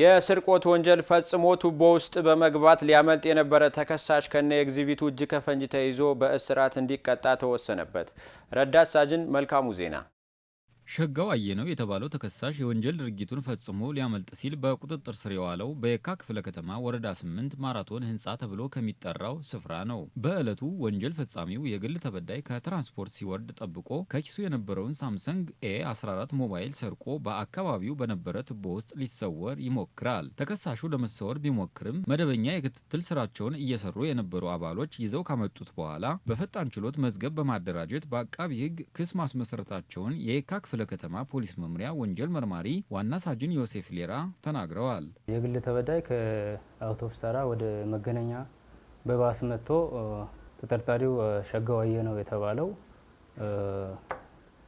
የስርቆት ወንጀል ፈጽሞ ቱቦ ውስጥ በመግባት ሊያመልጥ የነበረ ተከሳሽ ከነ ኤግዚቢቱ እጅ ከፈንጅ ተይዞ በእስራት እንዲቀጣ ተወሰነበት። ረዳት ሳጅን መልካሙ ዜና ሸጋው አየነው የተባለው ተከሳሽ የወንጀል ድርጊቱን ፈጽሞ ሊያመልጥ ሲል በቁጥጥር ስር የዋለው በየካ ክፍለ ከተማ ወረዳ ስምንት ማራቶን ህንፃ ተብሎ ከሚጠራው ስፍራ ነው። በዕለቱ ወንጀል ፈጻሚው የግል ተበዳይ ከትራንስፖርት ሲወርድ ጠብቆ ከኪሱ የነበረውን ሳምሰንግ ኤ 14 ሞባይል ሰርቆ በአካባቢው በነበረ ቱቦ ውስጥ ሊሰወር ይሞክራል። ተከሳሹ ለመሰወር ቢሞክርም መደበኛ የክትትል ስራቸውን እየሰሩ የነበሩ አባሎች ይዘው ካመጡት በኋላ በፈጣን ችሎት መዝገብ በማደራጀት በአቃቢ ህግ ክስ ማስመሰረታቸውን የካ ክፍለ ከተማ ፖሊስ መምሪያ ወንጀል መርማሪ ዋና ሳጅን ዮሴፍ ሌራ ተናግረዋል። የግል ተበዳይ ከአውቶብስ ተራ ወደ መገናኛ በባስ መጥቶ ተጠርጣሪው ሸገዋየ ነው የተባለው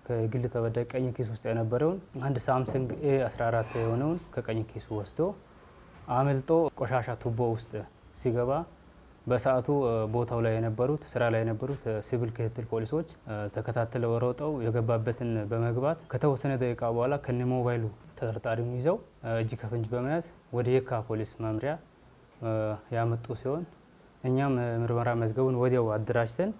ከግል ተበዳይ ቀኝ ኪስ ውስጥ የነበረውን አንድ ሳምሰንግ ኤ 14 የሆነውን ከቀኝ ኪሱ ወስዶ አመልጦ ቆሻሻ ቱቦ ውስጥ ሲገባ በሰዓቱ ቦታው ላይ የነበሩት ስራ ላይ የነበሩት ሲቪል ክትትል ፖሊሶች ተከታትለው ሮጠው የገባበትን በመግባት ከተወሰነ ደቂቃ በኋላ ከነ ሞባይሉ ተጠርጣሪውን ይዘው እጅ ከፍንጅ በመያዝ ወደ የካ ፖሊስ መምሪያ ያመጡ ሲሆን እኛም ምርመራ መዝገቡን ወዲያው አደራጅተን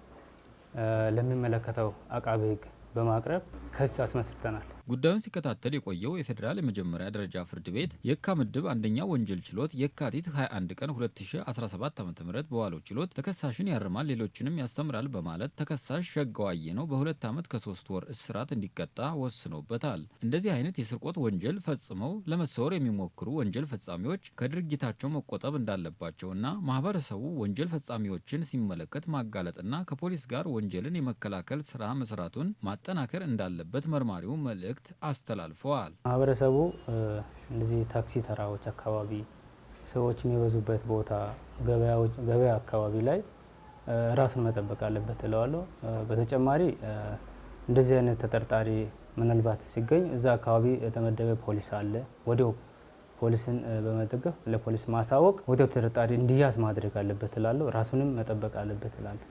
ለሚመለከተው አቃቤ ሕግ በማቅረብ ክስ አስመስርተናል። ጉዳዩን ሲከታተል የቆየው የፌዴራል የመጀመሪያ ደረጃ ፍርድ ቤት የካ ምድብ አንደኛ ወንጀል ችሎት የካቲት 21 ቀን 2017 ዓ ም በዋለው ችሎት ተከሳሽን ያርማል፣ ሌሎችንም ያስተምራል በማለት ተከሳሽ ሸጋው ነው በሁለት ዓመት ከሶስት ወር እስራት እንዲቀጣ ወስኖበታል። እንደዚህ አይነት የስርቆት ወንጀል ፈጽመው ለመሰወር የሚሞክሩ ወንጀል ፈጻሚዎች ከድርጊታቸው መቆጠብ እንዳለባቸውና ማህበረሰቡ ወንጀል ፈጻሚዎችን ሲመለከት ማጋለጥና ከፖሊስ ጋር ወንጀልን የመከላከል ስራ መስራቱን ማጠናከር እንዳለበት መርማሪው መልእክት መልእክት አስተላልፈዋል። ማህበረሰቡ እነዚህ ታክሲ ተራዎች አካባቢ፣ ሰዎች የሚበዙበት ቦታ፣ ገበያ አካባቢ ላይ ራሱን መጠበቅ አለበት እለዋለሁ። በተጨማሪ እንደዚህ አይነት ተጠርጣሪ ምናልባት ሲገኝ እዛ አካባቢ የተመደበ ፖሊስ አለ። ወዲያው ፖሊስን በመደገፍ ለፖሊስ ማሳወቅ ወዲያው ተጠርጣሪ እንዲያዝ ማድረግ አለበት እላለሁ። ራሱንም መጠበቅ አለበት እላለሁ።